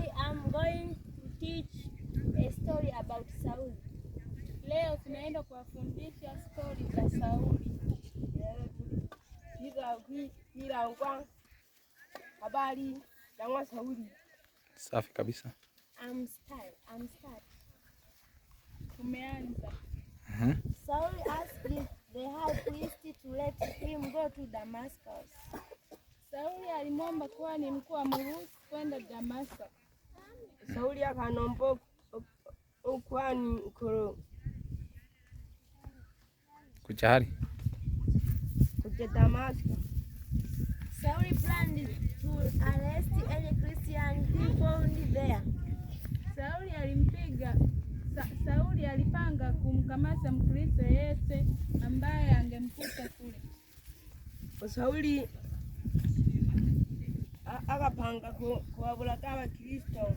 Today I'm going to teach a story about Sauli. Leo tunaenda kuwafundisha story za Sauli. Ilangwa habari langwa Sauli. Safi kabisa. I'm start. I'm start. Tumeanza. Uh-huh. Mhm. Saul asked the high priest to let him go to Damascus. Sauli alimwomba kuwa ni mkuu amruhusu kwenda Damascus. Sauli akanomba ukwani ukoro kuchari kuja Damascus. Sauli planned to arrest any Christian he found there. Sauli alimpiga Sauli alipanga kumkamata Mkristo yeyote ambaye angemkuta kule. Sauli akapanga kuwabulata Wakristo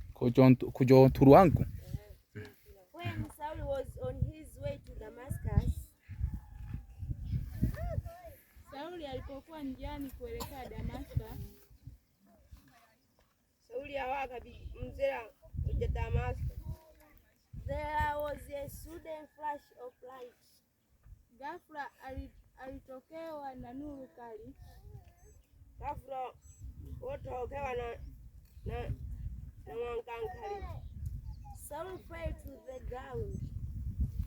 kujonturu wangu alipokuwa njiani kuelekea Damaska, Sauli awaka mzera There was a sudden flash of light. Ghafla alitokewa na nuru kali. Ghafla na, na Saul fell to the ground.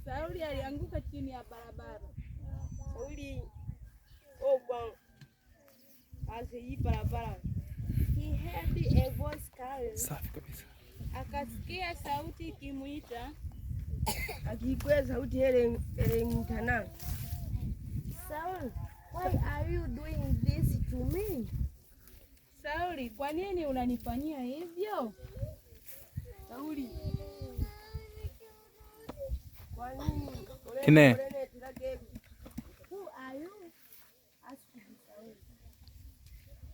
Sauli alianguka chini ya barabara. Sauli ogwa oh hii barabara. He heard a voice calling. Safi kabisa. Akasikia sauti ikimuita. Akikwea sauti ile ile mtana. Saul, why are you doing this to me? Sauli, kwa nini unanifanyia hivyo? Sauli. Kwa nini? Kine.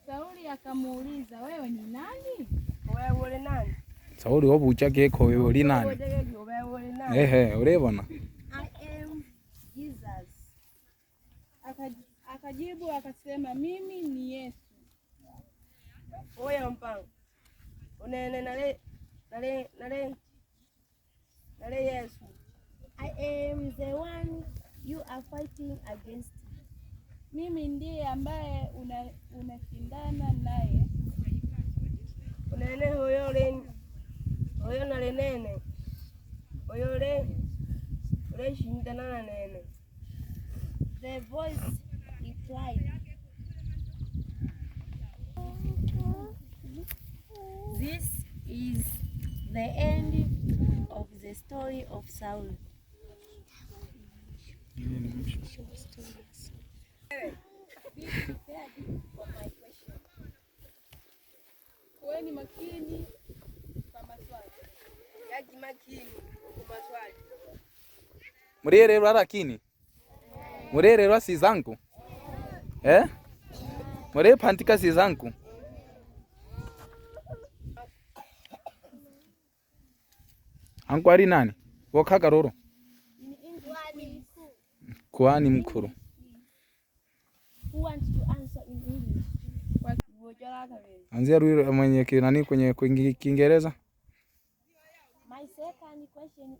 Sauli akamuuliza, wewe ni nani? Wewe ni nani? Sauli wewe nani? Ehe, ulibona? I am Jesus. Akajibu akasema mimi ni Yesu oya mpang unene nale nale nale nale yesu i am the one you are fighting against mimi ndiye ambaye unashindana una naye unene huyo len huyo nalenene huyo le uleshindana na nene the voice replied This is the end of the story of Saul. Kuweni makini kwa maswali. Yaji makini kwa maswali. lakini. si zangu. Eh? Murepandika si zangu. Ankwari nani? Wakagaroro. Kuani mkuru. Anzia Rwiro eh, mwenye kinani kwenye Kiingereza. My second question is.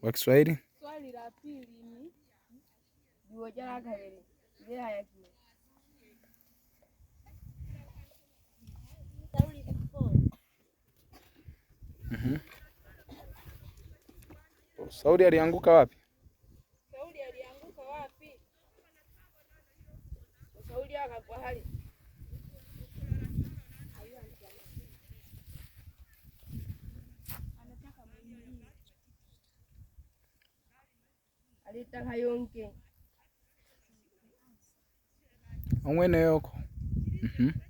Kwa Kiswahili? Swali la pili ni Mm-hmm. Sauli alianguka wapi? Sauli alianguka wapi? Sauli akakuwa hali alitaka yonke amwene yoko. Mhm.